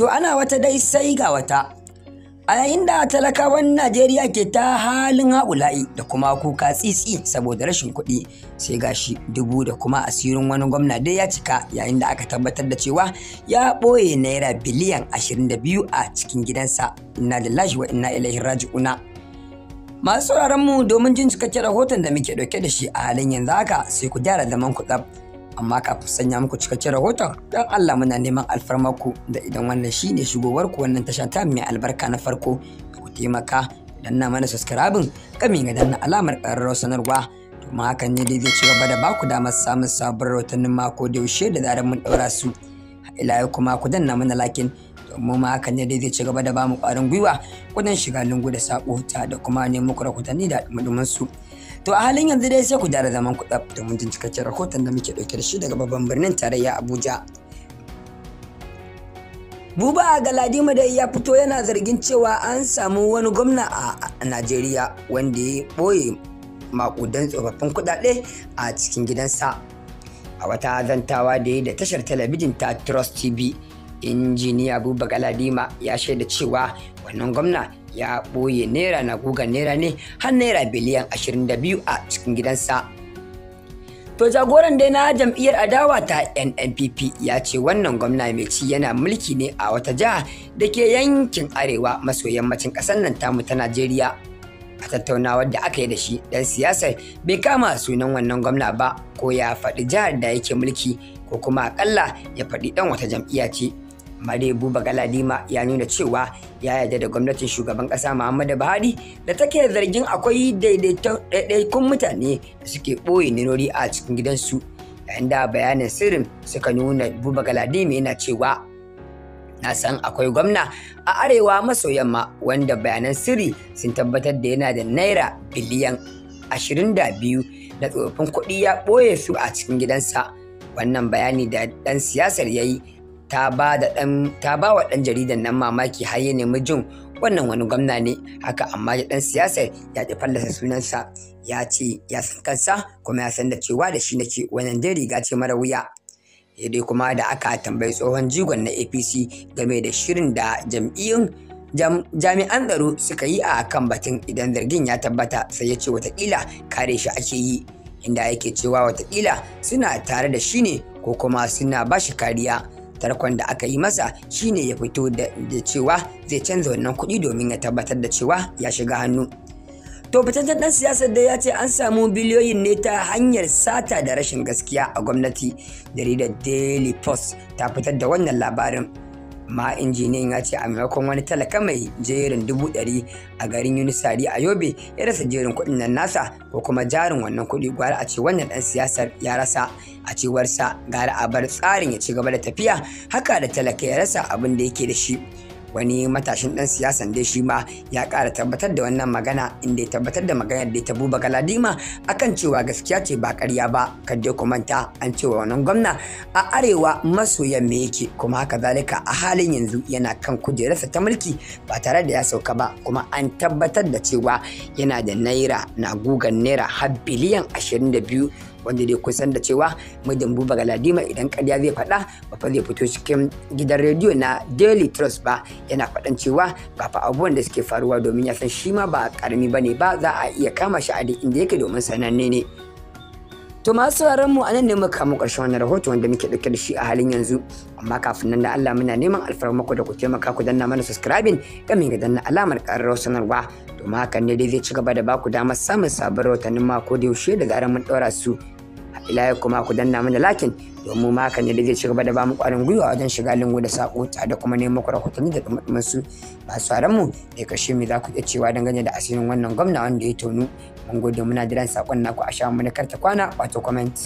to ana wata dai sai ga wata a yayin da talakawan najeriya ke ta halin haƙula'i da kuma kuka tsitsi saboda rashin kuɗi sai ga shi dubu da kuma asirin wani gwamna dai ya cika yayin da aka tabbatar da cewa ya ɓoye naira biliyan 22 a cikin gidansa inna lillahi wa inna ilaihi raji'una masu sauraron mu domin jin cikakken rahoton da muke ɗauke da shi a halin yanzu haka sai ku gyara zaman ku amma kafin sanya muku cikakken rahoton don Allah muna neman alfarmarku da idan wannan shi ne shigowar ku wannan tasha ta mai albarka na farko ku taimaka danna mana subscribing kami ga danna alamar ƙararrawar sanarwa ma hakan ne dai zai ci gaba da baku damar samun sabon rahotannin mako da yaushe da zarar mun ɗaura su ila yau kuma ku danna mana lakin domin ma hakan ne dai zai ci gaba da bamu ƙwarin gwiwa wajen shiga lungu da sako ta da kuma ku rahotanni da dumin su. To a halin yanzu dai sai ku dara zaman ku tsaf domin jin cikakken rahoton da muke ɗauke da shi daga babban birnin tarayya Abuja. Buba Galadima dai ya fito yana zargin cewa an samu wani gwamna a Najeriya wanda ya ɓoye maƙudan tsofaffin kuɗaɗe a cikin gidansa. A wata zantawa da yi da tashar talabijin ta Trust TV injiniya abubakar ladima ya shaida cewa wannan gwamna ya ɓoye naira na gugan naira ne har naira biliyan 22 a cikin gidansa to jagoran dai na jam'iyyar adawa ta nnpp ya ce wannan gwamna mai ci yana mulki ne a wata jiha da ke yankin arewa maso yammacin ƙasar nan tamu ta najeriya a tattaunawar da aka yi da shi dan siyasar bai kama sunan wannan gwamna ba ko ya faɗi jihar da yake mulki ko kuma akalla ya faɗi ɗan wata jam'iyya ce Mare Buba Galadima ya nuna cewa ya yarda da gwamnatin shugaban ƙasa Muhammadu Buhari da take zargin akwai daidaito daidaiton mutane da suke ɓoye ninori a cikin gidansu yayin da bayanin sirrin suka nuna Buba Galadima yana cewa na san akwai gwamna a arewa maso yamma wanda bayanan sirri sun tabbatar da yana da naira biliyan 22 na tsofaffin kuɗi ya ɓoye su a cikin gidansa wannan bayani da ɗan siyasar ya yi ta ba wa ɗan jaridan nan mamaki har ya nemi jin wannan wani gwamna ne haka amma ya ɗan siyasar ya ƙi fallasa sunansa ya ce ya san kansa kuma ya san da cewa da shi nake wannan dai riga ce mara wuya dai kuma da aka tambayi tsohon jigon na apc game da shirin da jam'iyyun jami'an tsaro suka yi a kan batun idan zargin ya tabbata sai ya ce watakila kare shi ake yi inda yake cewa watakila suna tare da shi ne ko kuma suna ba shi kariya tarkon da aka yi masa shine ya fito da cewa zai canza wannan kuɗi domin ya tabbatar da cewa ya shiga hannu To fitaccen ɗan siyasar da ya ce an samu biliyoyin ne ta hanyar sata da rashin gaskiya a gwamnati. Jaridar Daily Post ta fitar da wannan labarin. ma injiniyan ya ce a maimakon wani talaka mai jerin dubu ɗari a garin yunisari a yobe ya rasa jerin kuɗin nan nasa ko kuma jarin wannan kuɗi gwara a ce wannan ɗan siyasar ya rasa a cewarsa gara a bar tsarin ya ci gaba da tafiya haka da talaka ya rasa abin da yake da shi wani matashin dan siyasan dai shi ma ya ƙara tabbatar da wannan magana inda ya tabbatar da maganar da ta buba galadima akan cewa gaskiya ce ba karya ba kadai ku manta an cewa wannan gwamna a arewa maso yamma yake kuma haka zalika a halin yanzu yana kan kujerarsa ta mulki ba tare da ya sauka ba kuma an tabbatar da cewa yana da naira na gugan naira har biliyan 22 wanda dai kun san da cewa dambu ba galadima idan karya zai faɗa ba fa zai fito cikin gidan rediyo na daily trust ba yana faɗan cewa ba fa abubuwan da suke faruwa domin ya san shi ma ba karami ba ne ba za a iya kama shi a duk inda yake domin sananne ne. To masu ran mu anan ne muka kamo ƙarshen wannan rahoto wanda muke ɗauke da shi a halin yanzu. Amma kafin nan da Allah muna neman alfarmako da ku taimaka ku danna mana subscribing game ga danna alamar ƙararrawar sanarwa. ma hakan ne dai zai ci gaba da baku damar samun sabon rahotannin mako da yaushe daga aran mun ɗora su. ila kuma ku danna mana lakin domin ma hakan ne da zai ci gaba da bamu kwarin gwiwa wajen shiga lingo da sako ta da kuma neman ku rahotanni da kuma su masu haran mu da kashe me za ku iya cewa dangane da asirin wannan gwamna wanda ya tonu mun gode muna jiran sakon naku a sha mu na karta kwana wato comment